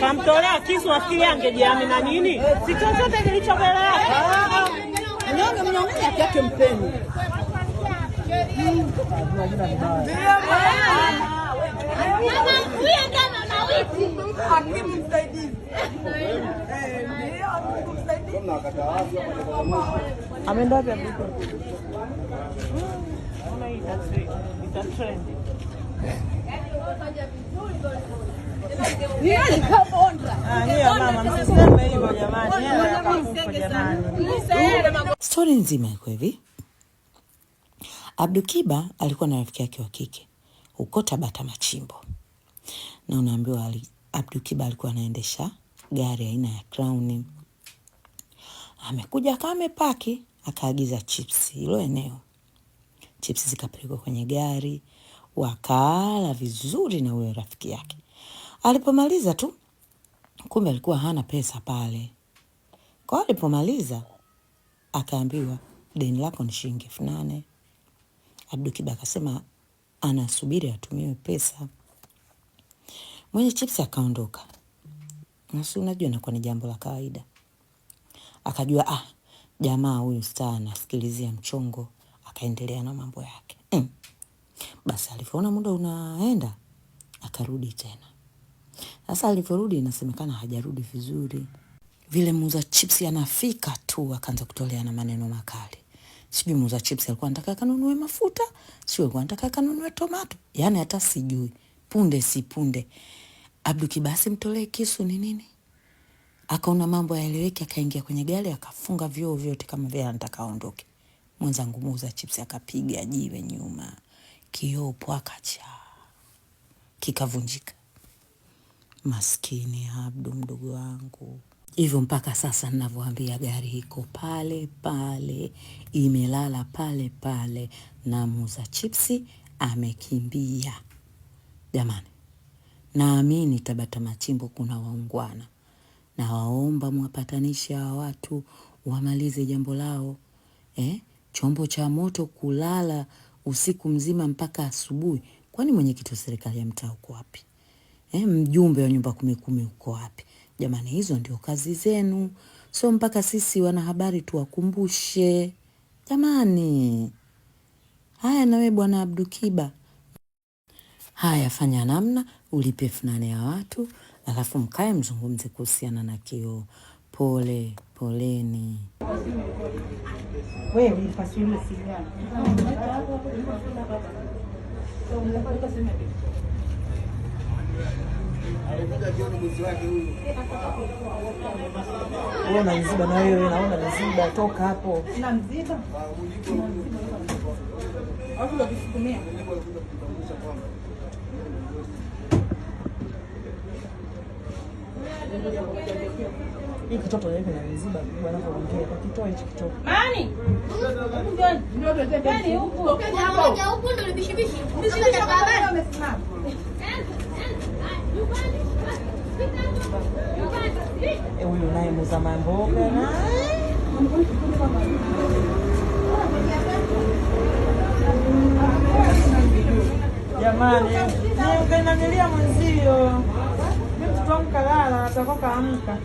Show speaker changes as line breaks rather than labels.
kamtolea kisu, afikiri angejiami na nini, si chochote kilicho mbele yake. Mnyonge mnyonge haki yake mpeni. Ameenda wapi? Yaani,
yaani,
ah, Stori nzima iko hivi. Abdukiba alikuwa na rafiki yake wa kike huko Tabata Machimbo, na unaambiwa Abdukiba alikuwa anaendesha gari aina ya Crown. Amekuja kama amepaki, akaagiza chips hilo eneo. Chips zikapelekwa kwenye gari, wakaala vizuri na huyo rafiki yake Alipomaliza tu, kumbe alikuwa hana pesa pale. Kwa alipomaliza akaambiwa deni lako ni shilingi elfu nane. Abdukiba akasema anasubiri atumiwe pesa. Mwenye chips akaondoka, nasi unajua nakuwa ni jambo la kawaida. Akajua ah, jamaa huyu staa anasikilizia mchongo, akaendelea na mambo yake mm. Basi alivyoona muda unaenda akarudi tena sasa alivyorudi inasemekana hajarudi vizuri. Vile muuza chips anafika tu akaanza kutolea na maneno makali. Sijui muuza chips alikuwa anataka kanunue mafuta, sio alikuwa anataka kanunue tomato. Yaani hata sijui. Punde si punde. Abdu Kibasi mtolee kisu ni nini? Akaona mambo yaeleweki, akaingia kwenye gari akafunga vioo vyote kama vile anataka aondoke. Mwenzangu muuza chips akapiga jiwe nyuma, kioo pwakacha, kikavunjika. Maskini Abdu mdogo wangu hivyo mpaka sasa ninavyoambia, gari iko pale pale, imelala pale pale, na muuza chipsi amekimbia. Jamani, naamini Tabata Machimbo kuna waungwana, Nawaomba mwapatanishe hawa watu wamalize jambo lao eh? Chombo cha moto kulala usiku mzima mpaka asubuhi, kwani mwenyekiti wa serikali ya mtaa uko wapi? eh, mjumbe wa nyumba kumi kumi uko wapi? Jamani, hizo ndio kazi zenu, so mpaka sisi wanahabari tuwakumbushe jamani. Haya, nawe bwana Abdukiba, haya fanya namna ulipe elfu nane ya watu, alafu mkae mzungumze kuhusiana na kioo. Pole poleni.
Ona unaniziba na wewe naona naziba, toka hapo. Hii kitoto yake na miziba kubwa anapoongea. Kwa kitoa hichi kitoto.
Mani. Mani Huku.
Huku ndio bishi bishi.
Bishi bishi baba.
Eh, huyu naye muza mamboga na jamani, ukainamilia mwenzio, mtoto wangu kalala, atakoka amka